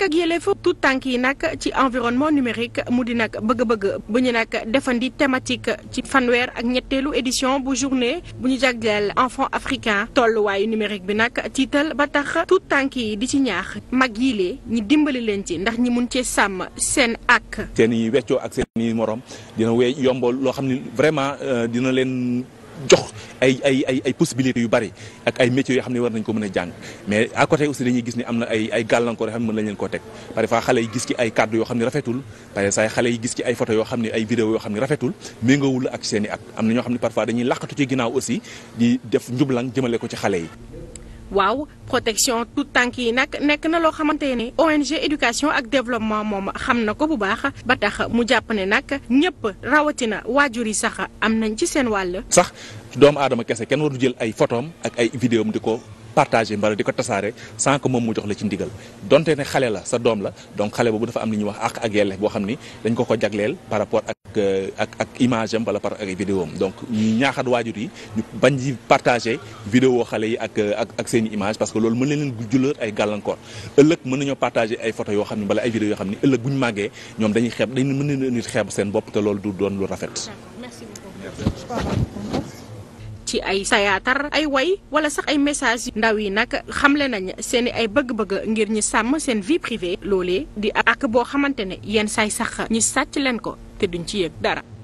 ak ak yëleefu tout tànk yi nag ci environnement numérique mu di nag bëgg-bëgg ba ñu nag defandi thématique ci fanweer ak ñetteelu édition bu journée bu ñu jagleel enfant africain tolluwaayu numérique bi nag tiital ba tax tout tànk yi di ci ñaax mag yii lee ñi dimbali leen ci ndax ñi mun cee sàmm seen ak seen yi ak seen yi morom dina wéy yombal loo xam ne vraiment euh, dina leen jox ay ay ay ay yu bari ak ay métiers yoo xam ne war nañ ko mën a jàng mais à côté aussi dañuy gis ni am na ay ay gàllankoor yoo xam ne mën nañ leen koo teg parfois xale yi gis ci ay kàddu yoo xam ne rafetul parfois xale yi gis ci ay photos yoo xam ne ay vidéo yoo xam ne rafetul méngoowul ak seen i at am na ñoo xam ne parfois dañuy làqatu ci ginnaaw aussi di def njublang jëmale ko ci xale yi waaw protection tout tànk yi nag nekk na loo xamante ne ONG éducation ak développement moom xam na ko bu baax ba tax mu jàpp ne nag ñëpp rawatina waajur yi sax am nañ ci seen wàll. sax doom aadama kese kenn waru jël ay photoom ak ay vidéo am di ko. partagé mbala di ko tasaare sans que moom mu jox la ci ndigal donte ne xale la sa doom la donc xale boobu dafa am li ñuy wax àq ak yelleef boo xam ni dañ ko ko jagleel par rapport ak Euh, ak ak image am wala par ak vidéo am donc ñu ñaaxaat waajur yi ñu bañ di partagé vidéo xale yi ak euh, ak ak seen i image parce que loolu mën na leen jullal ay gàllankoor ëllëg mën nañoo partagé ay photo yoo xam ne wala ay vidéo yoo xam ne ëllëg bu ñu màggee ñoom dañuy xeeb dañ mën na nit xeeb seen bopp te lool du doon lu rafet ci ay sayaatar ay woy wala sax ay message ndaw yi nag xamle nañ seen ay bëgg-bëgg ngir ñu sàmm seen vie privée loolee di ak boo xamante ne yenn saay sax ñu sàcc leen ko te duñ ci yëg dara.